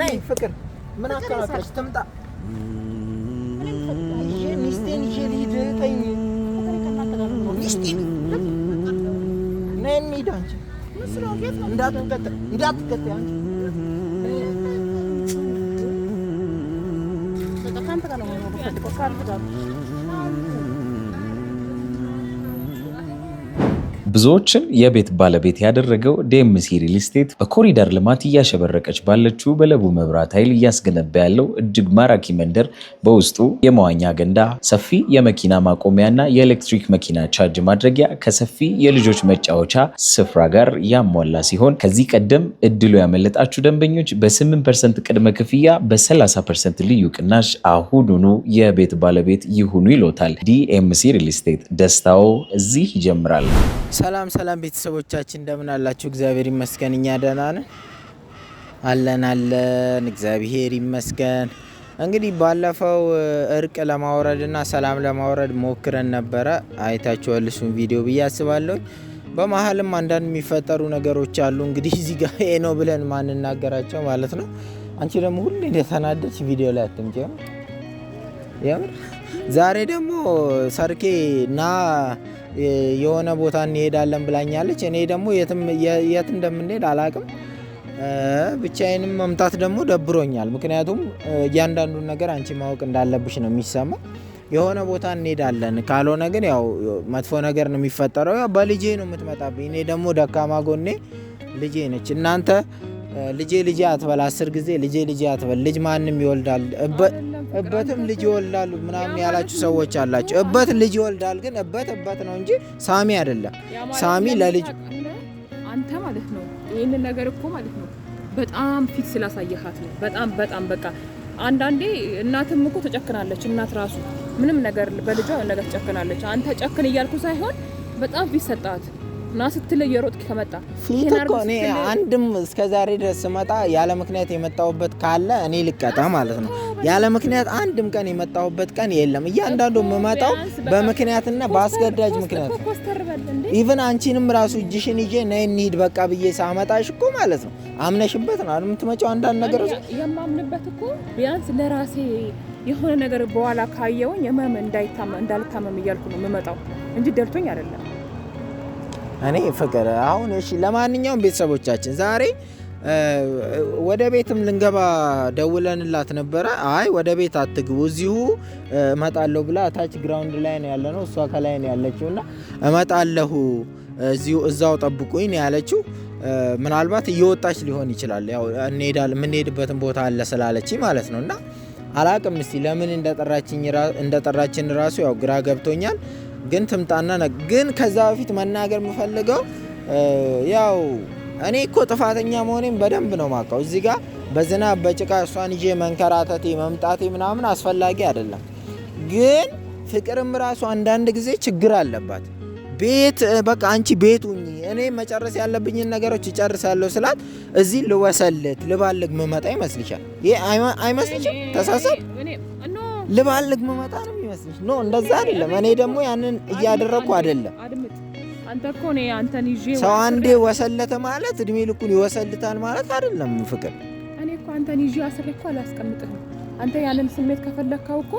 ነይ ፍቅር ምን አከራከረች? ትምጣ ሚስቴን ይዤ ልሂድ። ተይ ሚስቴን ነይ እንሂድ። አንቺ እንዳትከተይ እንዳትከተይ አንቺ ከአንተ ጋር ነው የምፈልገው ብዙዎችን የቤት ባለቤት ያደረገው ዴምሲ ሪል ስቴት በኮሪደር ልማት እያሸበረቀች ባለችው በለቡ መብራት ኃይል እያስገነባ ያለው እጅግ ማራኪ መንደር በውስጡ የመዋኛ ገንዳ፣ ሰፊ የመኪና ማቆሚያና የኤሌክትሪክ መኪና ቻርጅ ማድረጊያ ከሰፊ የልጆች መጫወቻ ስፍራ ጋር ያሟላ ሲሆን ከዚህ ቀደም እድሉ ያመለጣችሁ ደንበኞች በ8 ፐርሰንት ቅድመ ክፍያ በ30 ፐርሰንት ልዩ ቅናሽ አሁኑኑ የቤት ባለቤት ይሁኑ ይሎታል ዲኤምሲ ሪል ስቴት። ደስታው እዚህ ይጀምራል። ሰላም ሰላም ቤተሰቦቻችን እንደምን አላችሁ? እግዚአብሔር ይመስገን እኛ ደህና ነን አለን አለን እግዚአብሔር ይመስገን። እንግዲህ ባለፈው እርቅ ለማውረድና ሰላም ለማውረድ ሞክረን ነበረ። አይታችኋል እሱን ቪዲዮ ብዬ አስባለሁ። በመሀልም አንዳንድ የሚፈጠሩ ነገሮች አሉ። እንግዲህ እዚህ ጋር ይሄ ነው ብለን ማንናገራቸው ማለት ነው። አንቺ ደግሞ ሁሌ እንደተናደች ቪዲዮ ላይ አትምጪ። ዛሬ ደግሞ ሰርኬ ና የሆነ ቦታ እንሄዳለን ብላኛለች። እኔ ደግሞ የት እንደምንሄድ አላቅም። ብቻዬንም መምጣት ደግሞ ደብሮኛል። ምክንያቱም እያንዳንዱን ነገር አንቺ ማወቅ እንዳለብሽ ነው የሚሰማ። የሆነ ቦታ እንሄዳለን ካልሆነ ግን ያው መጥፎ ነገር ነው የሚፈጠረው። ያው በልጄ ነው የምትመጣብኝ። እኔ ደግሞ ደካማ ጎኔ ልጄ ነች። እናንተ ልጄ ልጄ አትበል፣ አስር ጊዜ ልጄ ልጄ አትበል። ልጅ ማንም ይወልዳል፣ እበትም ልጅ ይወልዳሉ ምናምን ያላችሁ ሰዎች አላችሁ። እበት ልጅ ይወልዳል፣ ግን እበት እበት ነው እንጂ ሳሚ አይደለም። ሳሚ ለልጅ አንተ ማለት ነው። ይህንን ነገር እኮ ማለት ነው በጣም ፊት ስላሳየሃት ነው። በጣም በጣም በቃ አንዳንዴ እናትም እኮ ተጨክናለች። እናት ራሱ ምንም ነገር በልጇ ነገር ተጨክናለች። አንተ ጨክን እያልኩ ሳይሆን በጣም ፊት ሰጣት። ና ስትለይ የሮጥክ ከመጣ ፍሉት እኮ እኔ አንድም እስከ ዛሬ ድረስ ስመጣ ያለ ምክንያት የመጣሁበት ካለ እኔ ልቀጣ ማለት ነው። ያለ ምክንያት አንድም ቀን የመጣሁበት ቀን የለም። እያንዳንዱ የምመጣው በምክንያትና በአስገዳጅ ምክንያት ነው። ኢቨን አንቺንም ራሱ እጅሽን ይዤ ነይ እንሂድ በቃ ብዬ ሳመጣሽ እኮ ማለት ነው አምነሽበት ነው የምትመጪው። አንዳንድ ነገሮች የማምንበት እኮ ቢያንስ ለራሴ የሆነ ነገር በኋላ ካየውኝ የመም እንዳልታመም እያልኩ ነው የምመጣው እንጂ ደልቶኝ አይደለም። እኔ ፍቅር አሁን እሺ፣ ለማንኛውም ቤተሰቦቻችን ዛሬ ወደ ቤትም ልንገባ ደውለንላት ነበረ። አይ ወደ ቤት አትግቡ እዚሁ እመጣለሁ ብላ ታች ግራውንድ ላይ ነው ያለ ነው እሷ ከላይ ነው ያለችው እና እመጣለሁ እዚሁ እዛው ጠብቁኝ ነው ያለችው። ምናልባት እየወጣች ሊሆን ይችላል። ያው እንሄዳለን የምንሄድበትን ቦታ አለ ስላለች ማለት ነው እና አላቅም እስቲ ለምን እንደጠራችን ራሱ ያው ግራ ገብቶኛል። ግን ትምጣና ነ ግን ከዛ በፊት መናገር የምፈልገው ያው እኔ እኮ ጥፋተኛ መሆኔም በደንብ ነው ማውቀው። እዚህ ጋር በዝናብ በጭቃ እሷን ይዤ መንከራተቴ መምጣቴ ምናምን አስፈላጊ አይደለም። ግን ፍቅርም ራሱ አንዳንድ ጊዜ ችግር አለባት። ቤት በቃ አንቺ ቤት ሁኚ፣ እኔ መጨረስ ያለብኝን ነገሮች እጨርሳለሁ ስላት እዚህ ልወሰልት ልባልግ ምመጣ ይመስልሻል? ይህ አይመስልሽም? ተሳሰብ ልባልግ ምመጣ ነው ይመስልሽ? ኖ እንደዛ አይደለም። እኔ ደግሞ ያንን እያደረኩ አይደለም። አንተ እኮ ሰው አንዴ ወሰለተ ማለት እድሜ ልኩን ይወሰልታል ማለት አይደለም። ፍቅር እኔ እኮ አንተን ይዤ አስሬ እኮ አላስቀምጥህም። አንተ ያንን ስሜት ከፈለግከው እኮ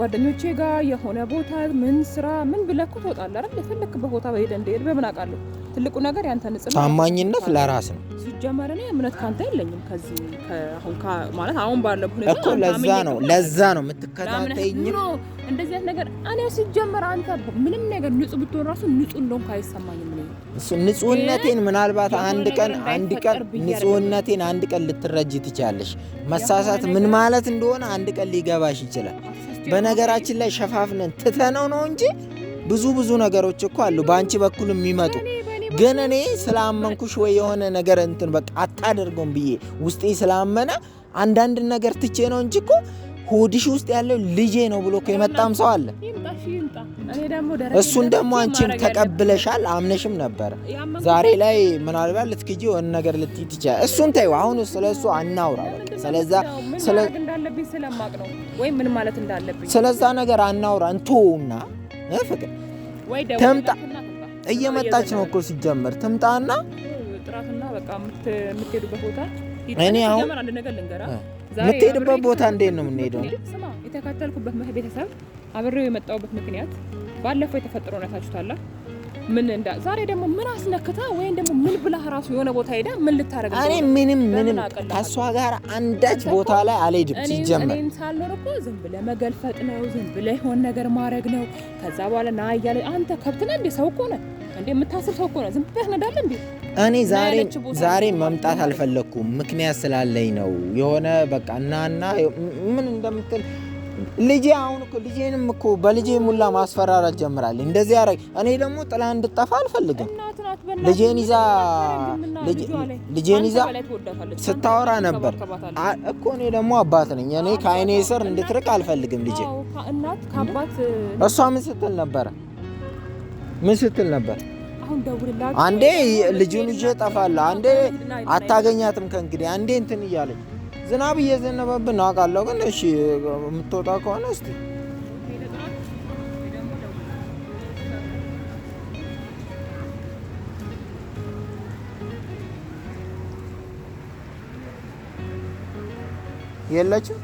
ጓደኞቼ ጋር የሆነ ቦታ ምን ስራ ምን ብለኩ እኮ ትወጣለህ አይደል? በቦታ በሄደ እንደሄድ በምን አውቃለሁ? ትልቁ ነገር ያንተ ንጽህና፣ ታማኝነት ለራስ ነው። ሲጀመር እኔ እምነት ካንተ የለኝም። ከዚህ አሁን ማለት አሁን ባለው ሁኔታ እኮ ለዛ ነው ለዛ ነው የምትከታተይኝ። እንደዚህ አይነት ነገር እኔ ሲጀመር አንተ ምንም ነገር ንጹህ ብትሆን ራሱ ንጹህ እንደሆንክ አይሰማኝም። እኔ እሱ ንጹህነቴን ምናልባት አንድ ቀን አንድ ቀን ንጹህነቴን አንድ ቀን ልትረጂ ትችያለሽ። መሳሳት ምን ማለት እንደሆነ አንድ ቀን ሊገባሽ ይችላል። በነገራችን ላይ ሸፋፍነን ትተነው ነው እንጂ ብዙ ብዙ ነገሮች እኮ አሉ በአንቺ በኩል የሚመጡ ግን እኔ ስላመንኩሽ ወይ የሆነ ነገር እንትን በቃ አታደርገውም ብዬ ውስጤ ስላመነ አንዳንድ ነገር ትቼ ነው እንጂ እኮ ሆድሽ ውስጥ ያለው ልጄ ነው ብሎ እኮ የመጣም ሰው አለ። እሱን ደግሞ አንቺም ተቀብለሻል፣ አምነሽም ነበረ። ዛሬ ላይ ምናልባት ልትክጂ የሆነ ነገር ልትይ ትችያለሽ። እሱን ተይው። አሁን ስለ እሱ አናውራ። ስለዛ ስለዛ ነገር አናውራ። እንትውና ፍቅር ትምጣ። እየመጣች ነው እኮ ሲጀመር፣ ትምጣና እኔ አሁን አንድ ነገር ልንገራ የምትሄድበት ቦታ እንዴት ነው የምንሄደው? ስማ የተከተልኩበት ቤተሰብ አብሬው የመጣሁበት ምክንያት ባለፈው የተፈጠረ እውነታችሁታላ ምን እንዳ ዛሬ ደግሞ ምን አስነክታ ወይም ደግሞ ምን ብላህ ራሱ የሆነ ቦታ ሄዳ ምን ልታረግ? እኔ ምንም ምንም ከእሷ ጋር አንዳች ቦታ ላይ አልሄድም። ሲጀመር እኔ ሳልኖር እኮ ዝም ብለህ መገልፈጥ ነው፣ ዝም ብለህ የሆነ ነገር ማድረግ ነው። ከዛ በኋላ ና እያለ አንተ ከብት ነህ እንዴ? ሰው እኮ ነህ እንዴ? የምታስር ሰው እኮ ነህ። ዝም ብለህ ነዳለ እንዴ? እኔ ዛሬ መምጣት አልፈለግኩም። ምክንያት ስላለኝ ነው። የሆነ በቃ እናና ምን እንደምትል ልጄ አሁን እኮ ልጄንም እኮ በልጄ ሙላ ማስፈራራት ጀምራለች። እንደዚህ ያደረግ እኔ ደግሞ ጥላ እንድጠፋ አልፈልግም። ልጄን ይዛ ልጄን ይዛ ስታወራ ነበር እኮ። እኔ ደግሞ አባት ነኝ። እኔ ከአይኔ ስር እንድትርቅ አልፈልግም። ልጄ እሷ ምን ስትል ነበረ? ምን ስትል ነበር? አንዴ ልጁን ይዤ እጠፋለሁ፣ አንዴ አታገኛትም ከእንግዲህ፣ አንዴ እንትን እያለች ዝናብ እየዘነበብን ነው አውቃለሁ። ግን እሺ የምትወጣ ከሆነ እስቲ የለችም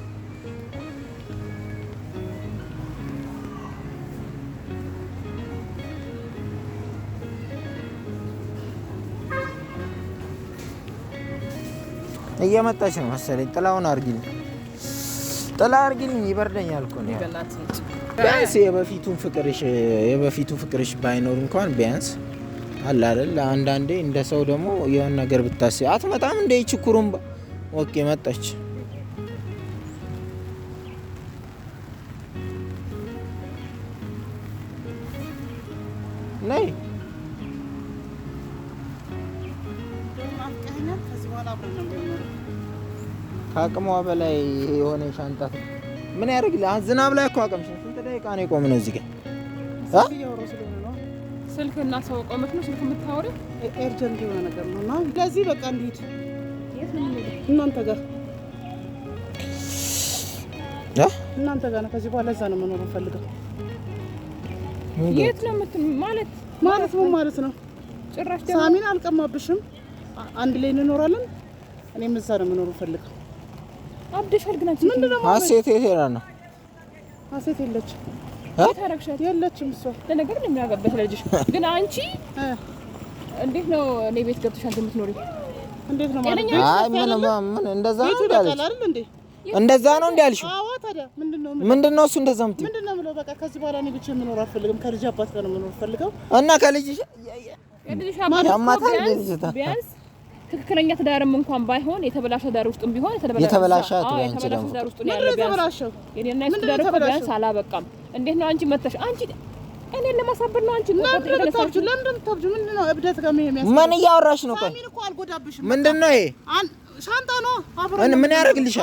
እየመጣች ነው መሰለኝ። ጥላውን አርጊልኝ፣ ጥላ አርጊልኝ፣ ይበርደኛል እኮ ነው። ቢያንስ የበፊቱን ፍቅርሽ የበፊቱ ፍቅርሽ ባይኖር እንኳን ቢያንስ አለ አይደል። አንዳንዴ እንደ ሰው ደግሞ የሆነ ነገር ብታስ አትመጣም። እንደ ይቺ ኩሩምባ ወቄ መጣች። ነይ ከአቅሟ በላይ የሆነ ሻንጣ ምን ያደርግልህ? ዝናብ ላይ እኮ አቅም ስንት ደቂቃ ነው የቆምነው እዚህ ጋር ስልክ እና ሰው ቆመት ነው ስልክ የምታወሪው ኤርጀንት የሆነ ነገር ነው እና ለዚህ በቃ እንሂድ እናንተ ጋር እናንተ ጋር ነው ከዚህ በኋላ እዛ ነው መኖር ፈልገው የት ነው ምት ማለት ማለት ምን ማለት ነው ጭራሽ ሳሚን አልቀማብሽም አንድ ላይ እንኖራለን እኔም እዛ ነው መኖር ፈልገው አብደሻል። ግን ሀሴት የት ሄዳ ነው? ሀሴት የለችም። ታረግሻት የለችም። እሷ ለነገር ነው የሚያገበት ልጅሽ። ግን አንቺ እንዴት ነው እኔ ቤት ገብተሽ አንተ የምትኖሪው እንዴት ነው ማለት ነው? አይ ምን ምን እንደዛ ነው እንዴ? እንደዛ ነው እንዴ አልሽው? አዎ ታዲያ ምንድነው ምንድነው እሱ እንደዛ ምት ምንድነው ብሎ በቃ ከዚህ በኋላ እኔ ብቻ የምኖር አልፈልግም። ከልጅ አባት ጋር ነው የምኖር ፈልገው እና ከልጅሽ ያማታል ቢያንስ ትክክለኛ ትዳርም እንኳን ባይሆን የተበላሸ ትዳር ውስጥም ቢሆን የተበላሸ ትዳር ውስጥ ነው ያለው። ቢያንስ አላበቃም። እንዴት ነው አንቺ መተሽ አንቺ እኔን ነው አንቺ ምን እያወራሽ ነው? ምንድን ነው ይሄ? ሻንጣ ነው። ምን ያደርግልሻል?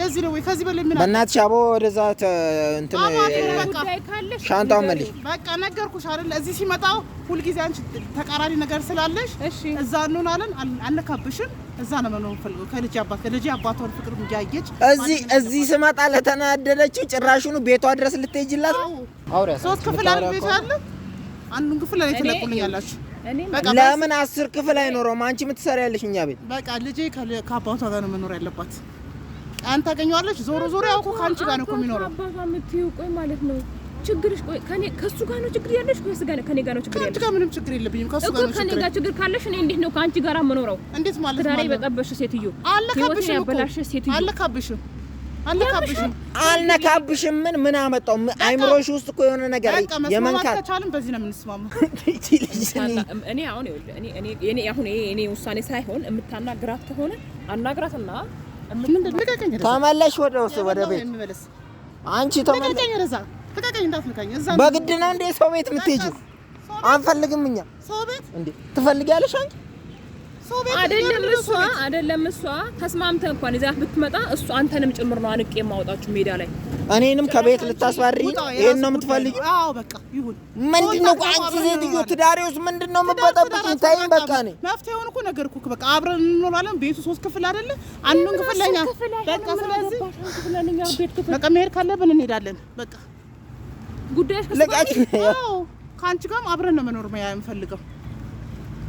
ለዚህ ነው ወይ? ከዚህ በላይ ምን አለ? በእናትሽ አቦ፣ ወደዛ እንትን ሻንጣው መልሽ። በቃ ነገርኩሽ አይደል? እዚህ ሲመጣው ሁልጊዜ አንቺ ተቃራኒ ነገር ስላለሽ፣ እሺ፣ እዛ እንሆናለን፣ አልነካብሽም። እዛ ነው መኖር ፈልገው ከልጅ አባት ከልጅ አባቷን ፍቅር እንዲያየች። እዚህ እዚህ ስመጣ ለተናደደችው ጭራሹኑ ቤቷ ድረስ ልትሄጂላት። አውሪያ ሶስት ክፍል አለ ቤቷ አለ። አንዱን ክፍል ላይ ትለቁልኛላችሁ። ለምን አስር ክፍል አይኖረውም? አንቺ የምትሰሪ ያለሽ እኛ ቤት። በቃ ልጄ ከአባቷ ጋር ነው መኖር ያለባት። አንተ ታገኘዋለች። ዞሮ ዞሮ ያው እኮ ከአንቺ ጋር ነው እኮ የሚኖረው። አባ የምትይው ቆይ ማለት ነው ችግርሽ ቆይ ከኔ ከሱ ጋር ነው ችግር ያለሽ ከሱ ጋር ከኔ ጋር ነው ችግር ያለሽ? ከአንቺ ጋር ምንም ችግር የለብኝም። ከሱ ጋር ነው ከኔ ጋር ችግር ካለሽ እኔ እንዴት ነው ከአንቺ ጋር የምኖረው? እንዴት ማለት ነው? ትዳሬ በጠበሽ ሴትዮ አለካብሽ እኮ አለካብሽ አልነካብሽም። ምን ምን አመጣው? አይምሮሽ ውስጥ እኮ የሆነ ነገር የመንካት ተቻለም። በዚህ ነው የምንስማማው። እኔ አሁን እኔ እኔ እኔ አሁን እኔ ውሳኔ ሳይሆን የምታናግራት ከሆነ አናግራትና ተመለሽ ወደ ውስጥ ወደ ቤት አንቺ በግድ ነው እንደ ሰው ቤት የምትሄጂው? አንፈልግም እኛ ሰው ቤት እንዴ ትፈልጊያለሽ አንቺ አይደለም እሷ አይደለም እሷ ተስማምተህ እንኳን ይዛት ብትመጣ እሱ አንተንም ጭምር ነው አንቄ የማወጣችሁ ሜዳ ላይ እኔንም ከቤት ልታስባሪ ይሄን ነው የምትፈልጊው? አዎ በቃ ይሁን። ምንድነው አንቺ ሴትዮ ትዳሬውስ ምንድነው የምትበጠብጡኝ? ታይም በቃ ነው መፍትሄውን እኮ ነገርኩህ። በቃ አብረን እንኖራለን። ቤቱ ሶስት ክፍል አይደለ? አንዱን ክፍል ለኛ በቃ ስለዚህ በቃ መሄድ ካለብን እንሄዳለን። በቃ ጉዳይሽ ከአንቺ ጋርም አብረን ነው መኖር የምፈልገው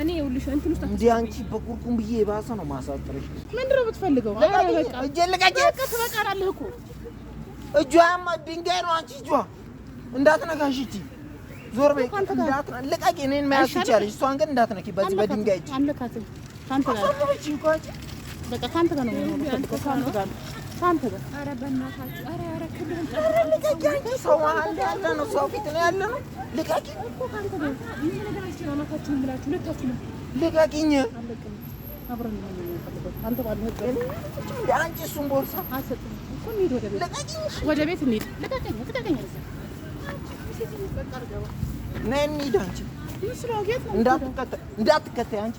እኔ ይኸውልሽ እንትን ውስጥ እንደ አንቺ በቁርቁም ብዬ የባሰ ነው ማሳጥረሽ። ምንድን ነው የምትፈልገው? ትበቃለህ እኮ እጇማ ድንጋይ ነው። አንቺ እጇ እንዳትነካሽ እቺ ዞር በይ። ልቀቂ። እኔን መያዝ ትችያለሽ፣ እሷን ግን እንዳትነኪ በዚህ በድንጋይ በቃ ከአንተ ጋር ነው የሚሆነው። ከአንተ ጋር ነው ከአንተ ጋር ኧረ በእናታችሁ ኧረ ኧረ ክልህን ኧረ ልቀቂ አንቺ። ሰው መሀል ያለ ነው ሰው ፊት ነው ያለ ነው። ልቀቂ እኮ ከአንተ ጋር ይሄ ነገር አይሰማማታችሁም ብላችሁ ሁለታችሁ ነው። ልቀቂኝ። አብረን ነው የምንፈልገው። አንተ ባለህ ህግ እንደ አንቺ እሱን ቦርሳ አልሰጥም እኮ እንሂድ ወደ ቤት ልቀቂኝ። ወደ ቤት እንሂድ። ልቀቂኝ ልቀቂኝ። ነይ እንሂድ አንቺ እንዳትከተይ አንቺ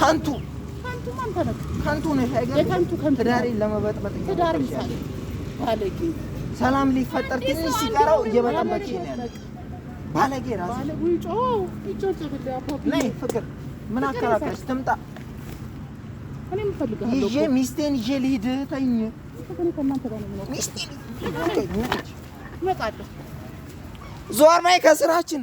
ከንቱ ከንቱ ነሽ። ትዳሬን ለመበጥበጥ ሰላም ሊፈጠር ትንሽ ሲቀረው እየበጠበጥ ባለጌ ራሱ ነይ ፍቅር ምን አከራከርሽ? ትምጣ ይዤ ሚስቴን ይዤ ልሂድ። ተኝ ሚስቴን ዞር ነይ ከስራችን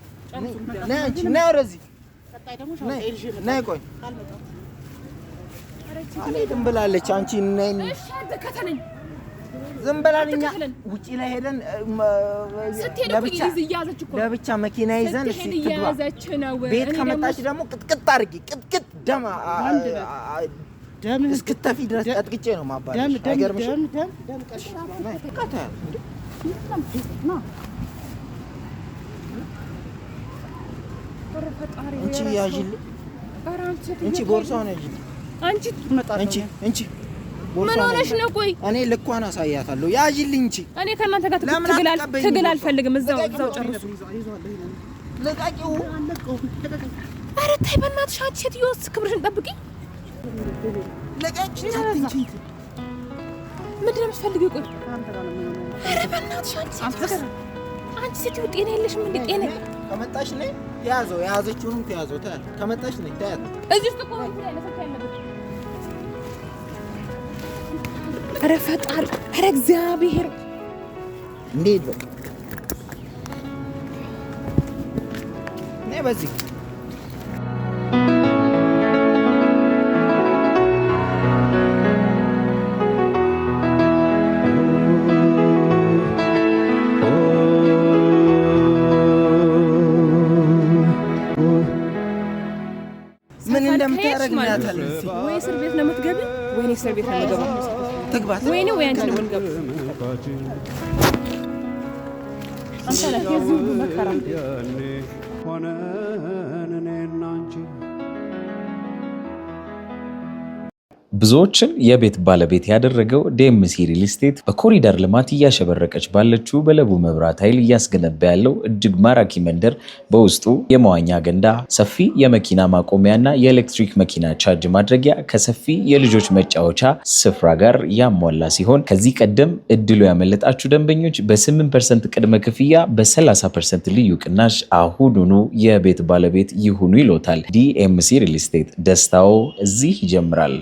ነይ ወደዚህ ነይ ቆይ አልሄድም ብላለች። አንቺ ዝም ብላን እኛ ውጪ ላይ ሄደን ለብቻ መኪና ይዘን ቤት ከመጣች ደግሞ ቅጥቅጥ አድርጊ ቅጥቅጥ ደም እስክተፊ ድረስ ቀጥቅጬ ነው ማባለሽ። አይገርምሽም? አንቺ ያዥል ምን ሆነሽ ነው? ቆይ እኔ ልኳን አሳያታለሁ። ያዥልኝ እንጂ እኔ ከእናንተ ጋር ትግል አልፈልግም። እዛው እዛው ጨርሱ። ኧረ ተይ በእናትሽ አንቺ ሴትዮ ክብርሽን ጠብቂ። ምንድን ነው የምትፈልጊው? ቆይ ኧረ በእናትሽ አንቺ ሴትዮ ጤና የለሽም እንዴ? ጤና ከመጣሽ ነይ ያዘው የያዘችውንም ተያዘው ታያት። ከመጣች ነኝ ታያት። እዚህ ውስጥ ቆይ። ኧረ ፈጣሪ፣ ኧረ እግዚአብሔር እንዴት በቃ ነይ በዚህ ማድረግ ማለት ነው። ወይ እስር ቤት ነው የምትገቢ፣ ወይኔ እስር ቤት ነው የምገባው። ትግባት ወይኔ ወይ አንቺ ነው የምንገባው። አንተ ለዚህ ሁሉ መከራ ሆነ ብዙዎችን የቤት ባለቤት ያደረገው ዴምሲ ሪል ስቴት በኮሪደር ልማት እያሸበረቀች ባለችው በለቡ መብራት ኃይል እያስገነባ ያለው እጅግ ማራኪ መንደር በውስጡ የመዋኛ ገንዳ፣ ሰፊ የመኪና ማቆሚያና የኤሌክትሪክ መኪና ቻርጅ ማድረጊያ ከሰፊ የልጆች መጫወቻ ስፍራ ጋር ያሟላ ሲሆን ከዚህ ቀደም እድሉ ያመለጣችሁ ደንበኞች በ8 ፐርሰንት ቅድመ ክፍያ በ30 ፐርሰንት ልዩ ቅናሽ አሁኑኑ የቤት ባለቤት ይሁኑ ይሎታል ዲኤምሲ ሪል ስቴት። ደስታው እዚህ ይጀምራል።